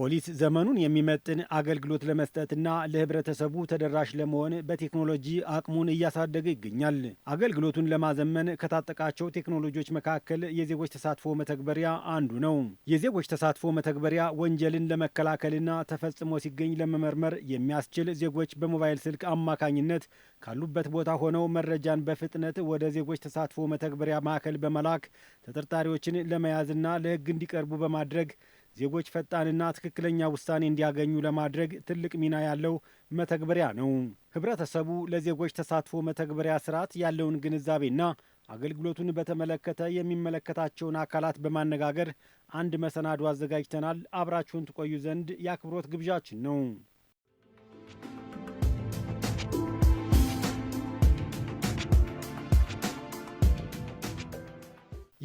ፖሊስ ዘመኑን የሚመጥን አገልግሎት ለመስጠትና ለህብረተሰቡ ተደራሽ ለመሆን በቴክኖሎጂ አቅሙን እያሳደገ ይገኛል። አገልግሎቱን ለማዘመን ከታጠቃቸው ቴክኖሎጂዎች መካከል የዜጎች ተሳትፎ መተግበሪያ አንዱ ነው። የዜጎች ተሳትፎ መተግበሪያ ወንጀልን ለመከላከልና ተፈጽሞ ሲገኝ ለመመርመር የሚያስችል ዜጎች በሞባይል ስልክ አማካኝነት ካሉበት ቦታ ሆነው መረጃን በፍጥነት ወደ ዜጎች ተሳትፎ መተግበሪያ ማዕከል በመላክ ተጠርጣሪዎችን ለመያዝና ለህግ እንዲቀርቡ በማድረግ ዜጎች ፈጣንና ትክክለኛ ውሳኔ እንዲያገኙ ለማድረግ ትልቅ ሚና ያለው መተግበሪያ ነው። ህብረተሰቡ ለዜጎች ተሳትፎ መተግበሪያ ስርዓት ያለውን ግንዛቤና አገልግሎቱን በተመለከተ የሚመለከታቸውን አካላት በማነጋገር አንድ መሰናዶ አዘጋጅተናል። አብራችሁን ትቆዩ ዘንድ የአክብሮት ግብዣችን ነው።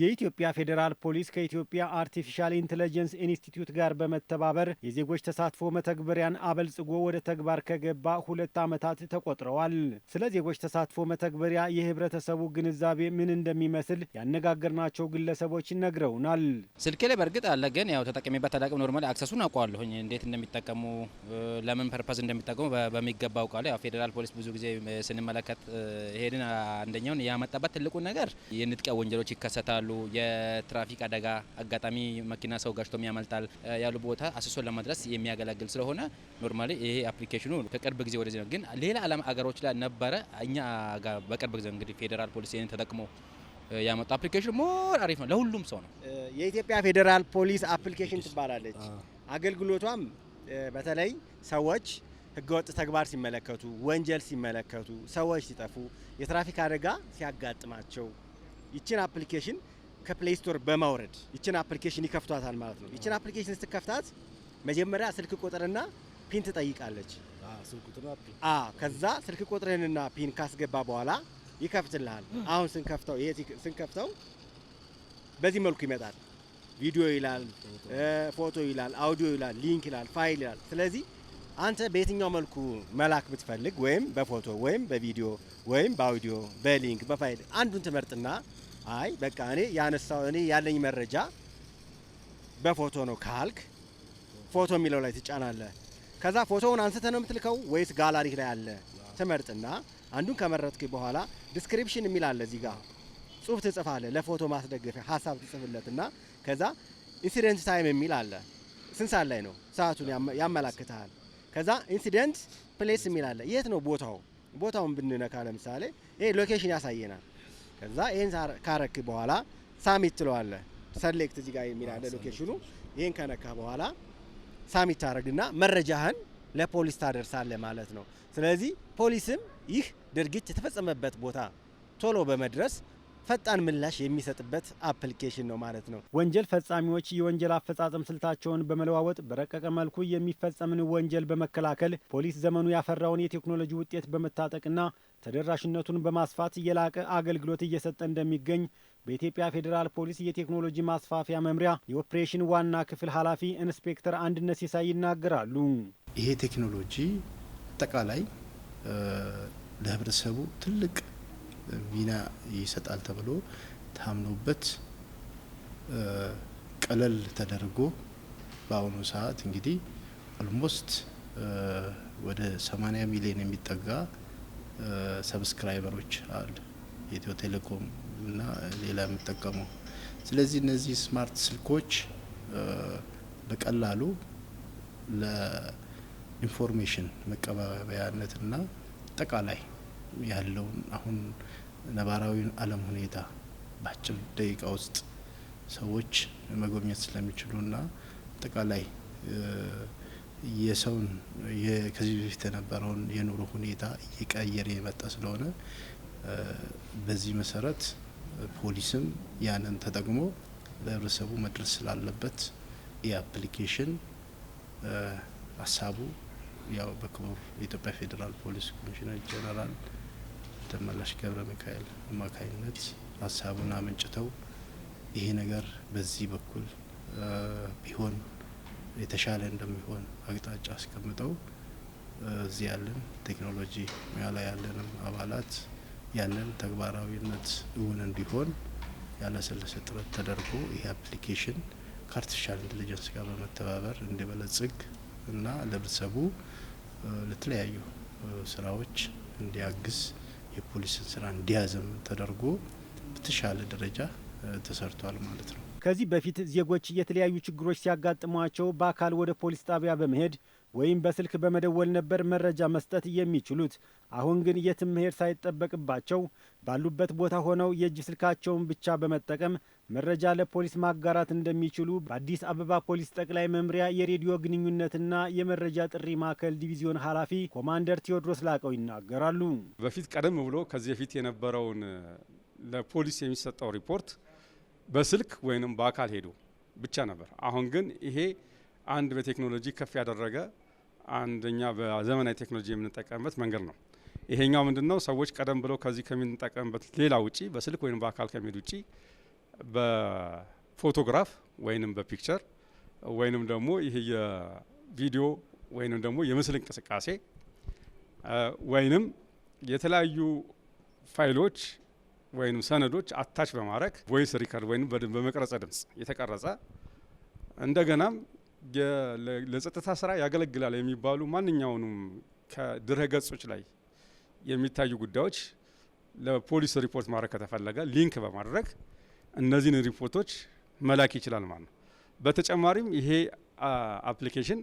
የኢትዮጵያ ፌዴራል ፖሊስ ከኢትዮጵያ አርቲፊሻል ኢንቴሊጀንስ ኢንስቲትዩት ጋር በመተባበር የዜጎች ተሳትፎ መተግበሪያን አበልጽጎ ወደ ተግባር ከገባ ሁለት ዓመታት ተቆጥረዋል። ስለ ዜጎች ተሳትፎ መተግበሪያ የህብረተሰቡ ግንዛቤ ምን እንደሚመስል ያነጋገርናቸው ግለሰቦች ነግረውናል። ስልኬ ላይ በእርግጥ አለ፣ ግን ያው ተጠቅሜበት አላቅም። ኖርማል አክሰሱን አውቀዋለሁኝ፣ እንዴት እንደሚጠቀሙ ለምን ፐርፐዝ እንደሚጠቀሙ በሚገባ አውቃለሁ። ያው ፌዴራል ፖሊስ ብዙ ጊዜ ስንመለከት ይሄንን አንደኛውን ያመጣበት ትልቁ ነገር የንጥቂያ ወንጀሎች ይከሰታሉ አሉ። የትራፊክ አደጋ አጋጣሚ መኪና ሰው ጋጭቶም ያመልጣል ያሉ ቦታ አስሶ ለማድረስ የሚያገለግል ስለሆነ ኖርማሊ ይሄ አፕሊኬሽኑ ከቅርብ ጊዜ ወደዚህ ነው። ግን ሌላ ዓለም አገሮች ላይ ነበረ። እኛ ጋር በቅርብ ጊዜ እንግዲህ ፌዴራል ፖሊስ ይህን ተጠቅሞ ያመጣ አፕሊኬሽን ሞር አሪፍ ነው፣ ለሁሉም ሰው ነው። የኢትዮጵያ ፌዴራል ፖሊስ አፕሊኬሽን ትባላለች። አገልግሎቷም በተለይ ሰዎች ህገወጥ ተግባር ሲመለከቱ፣ ወንጀል ሲመለከቱ፣ ሰዎች ሲጠፉ፣ የትራፊክ አደጋ ሲያጋጥማቸው ይችን አፕሊኬሽን ከፕሌይ ስቶር በማውረድ ይችን አፕሊኬሽን ይከፍቷታል ማለት ነው። ይችን አፕሊኬሽን ስትከፍታት መጀመሪያ ስልክ ቁጥርና ፒን ትጠይቃለች። ከዛ ስልክ ቁጥርህንና ፒን ካስገባ በኋላ ይከፍትልሃል። አሁን ስንከፍተው ስንከፍተው በዚህ መልኩ ይመጣል። ቪዲዮ ይላል፣ ፎቶ ይላል፣ አውዲዮ ይላል፣ ሊንክ ይላል፣ ፋይል ይላል። ስለዚህ አንተ በየትኛው መልኩ መላክ ብትፈልግ ወይም በፎቶ ወይም በቪዲዮ ወይም በአውዲዮ በሊንክ በፋይል አንዱን ትመርጥና አይ በቃ እኔ ያነሳው እኔ ያለኝ መረጃ በፎቶ ነው ካልክ ፎቶ የሚለው ላይ ትጫናለህ። ከዛ ፎቶውን አንስተ ነው የምትልከው ወይስ ጋላሪ ላይ አለ ትመርጥና አንዱን ከመረጥክ በኋላ ዲስክሪፕሽን የሚል አለ እዚህ ጋር ጽሁፍ ትጽፋለህ። ለፎቶ ማስደገፊያ ሀሳብ ትጽፍለትና ከዛ ኢንሲደንት ታይም የሚል አለ። ስንት ሰዓት ላይ ነው ሰዓቱን ያመላክትሃል። ከዛ ኢንሲደንት ፕሌስ የሚል አለ። የት ነው ቦታው? ቦታውን ብንነካ ለምሳሌ ይሄ ሎኬሽን ያሳየናል። ከዛ ይሄን ካረክ በኋላ ሳሚት ትለዋለ ሰሌክት እዚህ ጋር የሚል አለ ሎኬሽኑ። ይሄን ከነካ በኋላ ሳሚት ታደረግና መረጃህን ለፖሊስ ታደርሳለ ማለት ነው። ስለዚህ ፖሊስም ይህ ድርጊት የተፈጸመበት ቦታ ቶሎ በመድረስ ፈጣን ምላሽ የሚሰጥበት አፕሊኬሽን ነው ማለት ነው። ወንጀል ፈጻሚዎች የወንጀል አፈጻጸም ስልታቸውን በመለዋወጥ በረቀቀ መልኩ የሚፈጸምን ወንጀል በመከላከል ፖሊስ ዘመኑ ያፈራውን የቴክኖሎጂ ውጤት በመታጠቅና ተደራሽነቱን በማስፋት የላቀ አገልግሎት እየሰጠ እንደሚገኝ በኢትዮጵያ ፌዴራል ፖሊስ የቴክኖሎጂ ማስፋፊያ መምሪያ የኦፕሬሽን ዋና ክፍል ኃላፊ ኢንስፔክተር አንድነት ሲሳይ ይናገራሉ። ይሄ ቴክኖሎጂ አጠቃላይ ለህብረተሰቡ ትልቅ ሚና ይሰጣል ተብሎ ታምኖበት ቀለል ተደርጎ በአሁኑ ሰዓት እንግዲህ ኦልሞስት ወደ 80 ሚሊዮን የሚጠጋ ሰብስክራይበሮች አሉ ኢትዮ ቴሌኮም እና ሌላ የሚጠቀመው ስለዚህ እነዚህ ስማርት ስልኮች በቀላሉ ለኢንፎርሜሽን መቀባበያነትና አጠቃላይ ያለውን አሁን ነባራዊ ዓለም ሁኔታ በአጭር ደቂቃ ውስጥ ሰዎች መጎብኘት ስለሚችሉና አጠቃላይ የሰውን ከዚህ በፊት የነበረውን የኑሮ ሁኔታ እየቀየረ የመጣ ስለሆነ በዚህ መሰረት ፖሊስም ያንን ተጠቅሞ ለህብረተሰቡ መድረስ ስላለበት የአፕሊኬሽን ሀሳቡ ያው በክቡር የኢትዮጵያ ፌዴራል ፖሊስ ኮሚሽነር ጀነራል ተመላሽ ገብረ ሚካኤል አማካኝነት ሀሳቡን አመንጭተው ይሄ ነገር በዚህ በኩል ቢሆን የተሻለ እንደሚሆን አቅጣጫ አስቀምጠው እዚህ ያለን ቴክኖሎጂ ሙያ ላይ ያለንም አባላት ያንን ተግባራዊነት እውን እንዲሆን ያለሰለሰ ጥረት ተደርጎ ይሄ አፕሊኬሽን ከአርቲፊሻል ኢንቴሊጀንስ ጋር በመተባበር እንዲበለጽግ እና ለህብረተሰቡ ለተለያዩ ስራዎች እንዲያግዝ የፖሊስን ስራ እንዲያዘም ተደርጎ በተሻለ ደረጃ ተሰርቷል ማለት ነው። ከዚህ በፊት ዜጎች የተለያዩ ችግሮች ሲያጋጥሟቸው በአካል ወደ ፖሊስ ጣቢያ በመሄድ ወይም በስልክ በመደወል ነበር መረጃ መስጠት የሚችሉት። አሁን ግን የትም መሄድ ሳይጠበቅባቸው ባሉበት ቦታ ሆነው የእጅ ስልካቸውን ብቻ በመጠቀም መረጃ ለፖሊስ ማጋራት እንደሚችሉ በአዲስ አበባ ፖሊስ ጠቅላይ መምሪያ የሬዲዮ ግንኙነትና የመረጃ ጥሪ ማዕከል ዲቪዚዮን ኃላፊ ኮማንደር ቴዎድሮስ ላቀው ይናገራሉ። በፊት ቀደም ብሎ ከዚህ በፊት የነበረውን ለፖሊስ የሚሰጠው ሪፖርት በስልክ ወይም በአካል ሄዶ ብቻ ነበር። አሁን ግን ይሄ አንድ በቴክኖሎጂ ከፍ ያደረገ አንደኛ በዘመናዊ ቴክኖሎጂ የምንጠቀምበት መንገድ ነው። ይሄኛው ምንድን ነው? ሰዎች ቀደም ብሎ ከዚህ ከምንጠቀምበት ሌላ ውጪ በስልክ ወይም በአካል ከሚሄድ ውጪ በፎቶግራፍ ወይንም በፒክቸር ወይንም ደግሞ ይህ የቪዲዮ ወይንም ደግሞ የምስል እንቅስቃሴ ወይንም የተለያዩ ፋይሎች ወይንም ሰነዶች አታች በማድረግ ቮይስ ሪከርድ ወይም በመቅረጸ ድምጽ የተቀረጸ እንደገናም ለጸጥታ ስራ ያገለግላል የሚባሉ ማንኛውንም ከድረ ገጾች ላይ የሚታዩ ጉዳዮች ለፖሊስ ሪፖርት ማድረግ ከተፈለገ ሊንክ በማድረግ እነዚህን ሪፖርቶች መላክ ይችላል ማለት ነው። በተጨማሪም ይሄ አፕሊኬሽን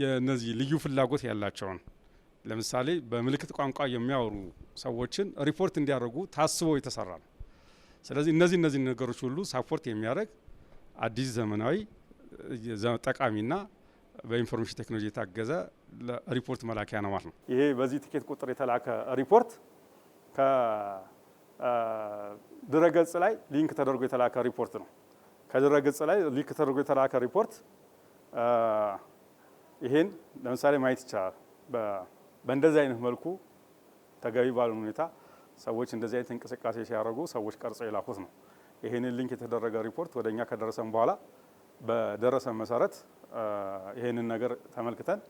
የነዚህ ልዩ ፍላጎት ያላቸውን ለምሳሌ በምልክት ቋንቋ የሚያወሩ ሰዎችን ሪፖርት እንዲያደርጉ ታስቦ የተሰራ ነው። ስለዚህ እነዚህ እነዚህ ነገሮች ሁሉ ሳፖርት የሚያደርግ አዲስ ዘመናዊ ጠቃሚና በኢንፎርሜሽን ቴክኖሎጂ የታገዘ ሪፖርት መላኪያ ነው ማለት ነው። ይሄ በዚህ ቲኬት ቁጥር የተላከ ሪፖርት ድረገጽ ላይ ሊንክ ተደርጎ የተላከ ሪፖርት ነው። ከድረገጽ ላይ ሊንክ ተደርጎ የተላከ ሪፖርት ይሄን ለምሳሌ ማየት ይቻላል። በእንደዚህ አይነት መልኩ ተገቢ ባልሆነ ሁኔታ ሰዎች እንደዚህ አይነት እንቅስቃሴ ሲያደርጉ ሰዎች ቀርጸው የላኩት ነው። ይህንን ሊንክ የተደረገ ሪፖርት ወደ እኛ ከደረሰን በኋላ በደረሰን መሰረት ይህንን ነገር ተመልክተን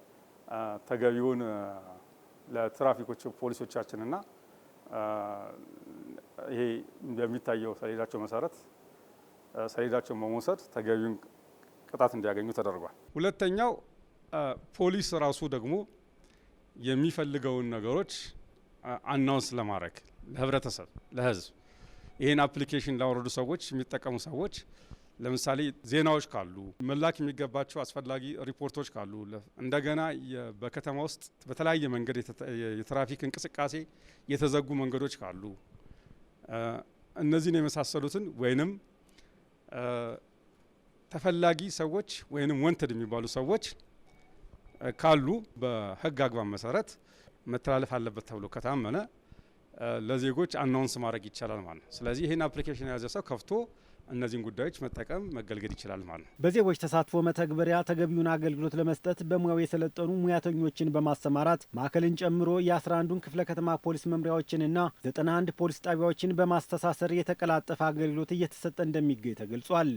ተገቢውን ለትራፊኮች ፖሊሶቻችንና ይሄ በሚታየው ሰሌዳቸው መሰረት ሰሌዳቸውን በመውሰድ ተገቢውን ቅጣት እንዲያገኙ ተደርጓል። ሁለተኛው ፖሊስ ራሱ ደግሞ የሚፈልገውን ነገሮች አናውንስ ለማድረግ ለህብረተሰብ፣ ለህዝብ ይህን አፕሊኬሽን ላወረዱ ሰዎች የሚጠቀሙ ሰዎች ለምሳሌ ዜናዎች ካሉ መላክ የሚገባቸው አስፈላጊ ሪፖርቶች ካሉ እንደገና በከተማ ውስጥ በተለያየ መንገድ የትራፊክ እንቅስቃሴ የተዘጉ መንገዶች ካሉ እነዚህን የመሳሰሉትን ወይንም ተፈላጊ ሰዎች ወይንም ወንትድ የሚባሉ ሰዎች ካሉ በህግ አግባብ መሰረት መተላለፍ አለበት ተብሎ ከታመነ ለዜጎች አናውንስ ማድረግ ይቻላል ማለት ነው። ስለዚህ ይህን አፕሊኬሽን የያዘ ሰው ከፍቶ እነዚህን ጉዳዮች መጠቀም መገልገል ይችላል ማለት ነው። በዜጎች ተሳትፎ መተግበሪያ ተገቢውን አገልግሎት ለመስጠት በሙያው የሰለጠኑ ሙያተኞችን በማሰማራት ማዕከልን ጨምሮ የ11ዱን ክፍለ ከተማ ፖሊስ መምሪያዎችንና 91 ፖሊስ ጣቢያዎችን በማስተሳሰር የተቀላጠፈ አገልግሎት እየተሰጠ እንደሚገኝ ተገልጿል።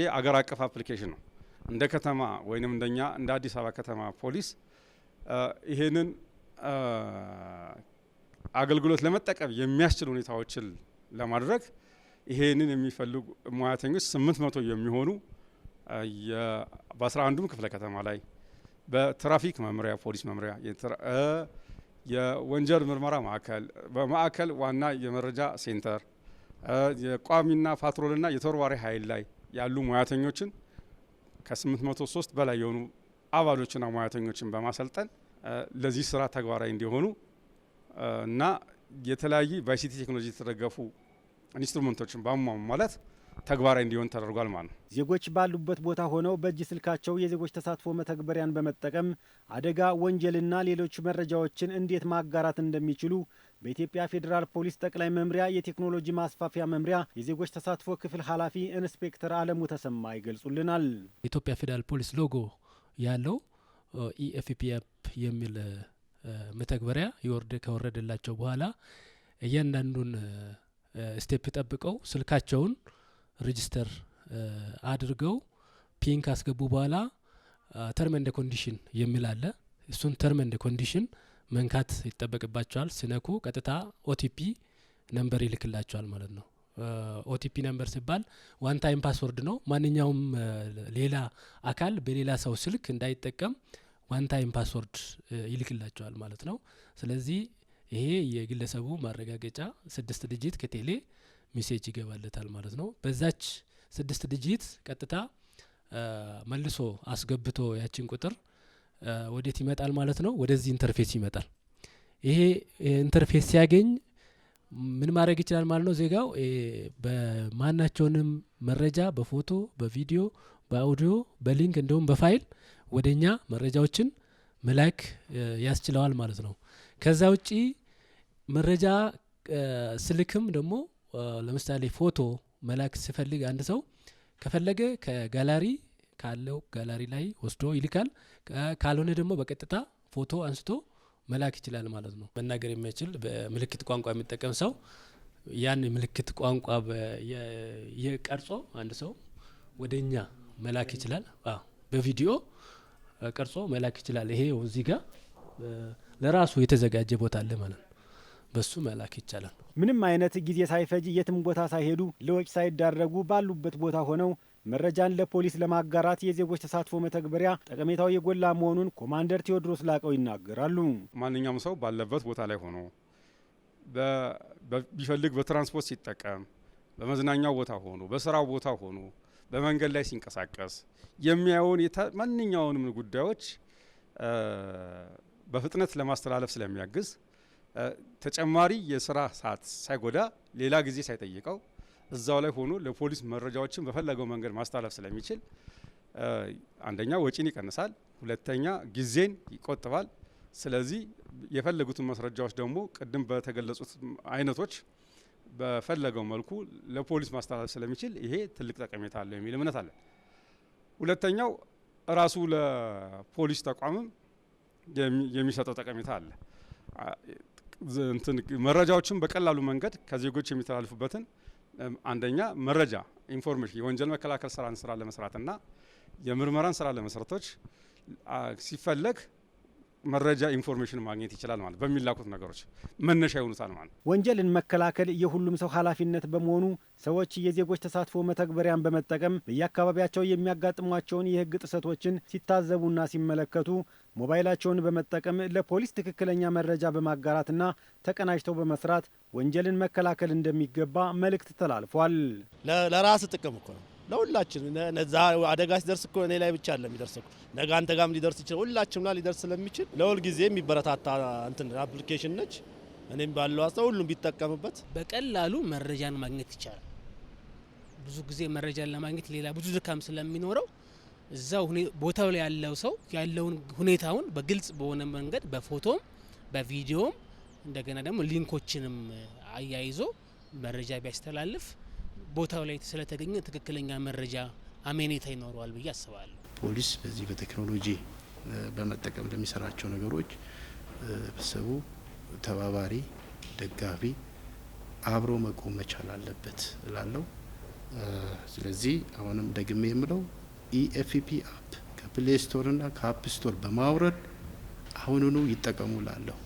ይህ አገር አቀፍ አፕሊኬሽን ነው። እንደ ከተማ ወይም እንደኛ እንደ አዲስ አበባ ከተማ ፖሊስ ይህንን አገልግሎት ለመጠቀም የሚያስችል ሁኔታዎችን ለማድረግ ይሄንን የሚፈልጉ ሙያተኞች ስምንት መቶ የሚሆኑ በአስራ አንዱም ክፍለ ከተማ ላይ በትራፊክ መምሪያ፣ ፖሊስ መምሪያ፣ የወንጀል ምርመራ ማዕከል በማዕከል ዋና የመረጃ ሴንተር፣ የቋሚና ፓትሮልና የተወርዋሪ ኃይል ላይ ያሉ ሙያተኞችን ከ803 በላይ የሆኑ አባሎችና ሙያተኞችን በማሰልጠን ለዚህ ስራ ተግባራዊ እንዲሆኑ እና የተለያዩ በአይሲቲ ቴክኖሎጂ የተደገፉ ኢንስትሩመንቶችን በማሟላት ተግባራዊ እንዲሆን ተደርጓል ማለት ነው። ዜጎች ባሉበት ቦታ ሆነው በእጅ ስልካቸው የዜጎች ተሳትፎ መተግበሪያን በመጠቀም አደጋ፣ ወንጀልና ሌሎች መረጃዎችን እንዴት ማጋራት እንደሚችሉ በኢትዮጵያ ፌዴራል ፖሊስ ጠቅላይ መምሪያ የቴክኖሎጂ ማስፋፊያ መምሪያ የዜጎች ተሳትፎ ክፍል ኃላፊ ኢንስፔክተር አለሙ ተሰማ ይገልጹልናል። የኢትዮጵያ ፌዴራል ፖሊስ ሎጎ ያለው ኢኤፍፒፕ የሚል መተግበሪያ ይወርድ ከወረደላቸው በኋላ እያንዳንዱን ስቴፕ ጠብቀው ስልካቸውን ሬጅስተር አድርገው ፒን ካስገቡ በኋላ ተርም እንደ ኮንዲሽን የሚል አለ። እሱን ተርም እንደ ኮንዲሽን መንካት ይጠበቅባቸዋል። ሲነኩ ቀጥታ ኦቲፒ ነምበር ይልክላቸዋል ማለት ነው። ኦቲፒ ነምበር ሲባል ዋን ታይም ፓስወርድ ነው። ማንኛውም ሌላ አካል በሌላ ሰው ስልክ እንዳይጠቀም ዋን ታይም ፓስወርድ ይልክላቸዋል ማለት ነው። ስለዚህ ይሄ የግለሰቡ ማረጋገጫ ስድስት ድጅት ከቴሌ ሜሴጅ ይገባለታል ማለት ነው። በዛች ስድስት ድጅት ቀጥታ መልሶ አስገብቶ ያችን ቁጥር ወዴት ይመጣል ማለት ነው? ወደዚህ ኢንተርፌስ ይመጣል። ይሄ ኢንተርፌስ ሲያገኝ ምን ማድረግ ይችላል ማለት ነው? ዜጋው በማናቸውንም መረጃ በፎቶ፣ በቪዲዮ፣ በአውዲዮ፣ በሊንክ እንዲሁም በፋይል ወደ እኛ መረጃዎችን መላክ ያስችለዋል ማለት ነው። ከዛ ውጪ መረጃ ስልክም ደግሞ ለምሳሌ ፎቶ መላክ ሲፈልግ አንድ ሰው ከፈለገ ከጋላሪ ካለው ጋላሪ ላይ ወስዶ ይልካል። ካልሆነ ደግሞ በቀጥታ ፎቶ አንስቶ መላክ ይችላል ማለት ነው። መናገር የሚችል በምልክት ቋንቋ የሚጠቀም ሰው ያን ምልክት ቋንቋ የቀርጾ አንድ ሰው ወደ እኛ መላክ ይችላል። በቪዲዮ ቀርጾ መላክ ይችላል። ይሄ እዚህ ጋር ለራሱ የተዘጋጀ ቦታ አለ ማለት ነው። በሱ መላክ ይቻላል። ምንም አይነት ጊዜ ሳይፈጅ የትም ቦታ ሳይሄዱ ለወጪ ሳይዳረጉ ባሉበት ቦታ ሆነው መረጃን ለፖሊስ ለማጋራት የዜጎች ተሳትፎ መተግበሪያ ጠቀሜታው የጎላ መሆኑን ኮማንደር ቴዎድሮስ ላቀው ይናገራሉ። ማንኛውም ሰው ባለበት ቦታ ላይ ሆኖ ቢፈልግ በትራንስፖርት ሲጠቀም፣ በመዝናኛው ቦታ ሆኖ፣ በስራው ቦታ ሆኖ፣ በመንገድ ላይ ሲንቀሳቀስ የሚያየውን ማንኛውንም ጉዳዮች በፍጥነት ለማስተላለፍ ስለሚያግዝ ተጨማሪ የስራ ሰዓት ሳይጎዳ ሌላ ጊዜ ሳይጠይቀው እዛው ላይ ሆኖ ለፖሊስ መረጃዎችን በፈለገው መንገድ ማስተላለፍ ስለሚችል አንደኛ ወጪን ይቀንሳል፣ ሁለተኛ ጊዜን ይቆጥባል። ስለዚህ የፈለጉትን ማስረጃዎች ደግሞ ቅድም በተገለጹት አይነቶች በፈለገው መልኩ ለፖሊስ ማስተላለፍ ስለሚችል ይሄ ትልቅ ጠቀሜታ አለው የሚል እምነት አለን። ሁለተኛው ራሱ ለፖሊስ ተቋምም የሚሰጠው ጠቀሜታ አለ። መረጃዎችን በቀላሉ መንገድ ከዜጎች የሚተላልፉበትን አንደኛ መረጃ ኢንፎርሜሽን የወንጀል መከላከል ስራን ስራ ለመስራትና የምርመራን ስራ ለመስረቶች ሲፈለግ መረጃ ኢንፎርሜሽን ማግኘት ይችላል ማለት በሚላኩት ነገሮች መነሻ ይሆኑታል ማለት። ወንጀልን መከላከል የሁሉም ሰው ኃላፊነት በመሆኑ ሰዎች የዜጎች ተሳትፎ መተግበሪያን በመጠቀም በየአካባቢያቸው የሚያጋጥሟቸውን የህግ ጥሰቶችን ሲታዘቡና ሲመለከቱ ሞባይላቸውን በመጠቀም ለፖሊስ ትክክለኛ መረጃ በማጋራትና ተቀናጅተው በመስራት ወንጀልን መከላከል እንደሚገባ መልእክት ተላልፏል። ለራስ ጥቅም እኮ ነው ለሁላችን ነዛ አደጋ ሲደርስ እኮ እኔ ላይ ብቻ አለ የሚደርስ እኮ ነገ አንተ ጋም ሊደርስ ይችላል፣ ሁላችንም ላይ ሊደርስ ስለሚችል ለሁል ጊዜ የሚበረታታ እንትን አፕሊኬሽን ነች። እኔም ባለው ሀሳብ ሁሉም ቢጠቀምበት በቀላሉ መረጃን ማግኘት ይቻላል። ብዙ ጊዜ መረጃን ለማግኘት ሌላ ብዙ ድካም ስለሚኖረው እዛው ቦታው ላይ ያለው ሰው ያለውን ሁኔታውን በግልጽ በሆነ መንገድ በፎቶም በቪዲዮም እንደገና ደግሞ ሊንኮችንም አያይዞ መረጃ ቢያስተላልፍ ቦታው ላይ ስለተገኘ ትክክለኛ መረጃ አሜኔታ ይኖረዋል ብዬ አስባለሁ። ፖሊስ በዚህ በቴክኖሎጂ በመጠቀም ለሚሰራቸው ነገሮች ህብረተሰቡ ተባባሪ፣ ደጋፊ፣ አብሮ መቆም መቻል አለበት እላለሁ። ስለዚህ አሁንም ደግሜ የምለው ኢኤፍፒ አፕ ከፕሌይ ስቶርና ከአፕ ስቶር በማውረድ አሁኑኑ ይጠቀሙላለሁ።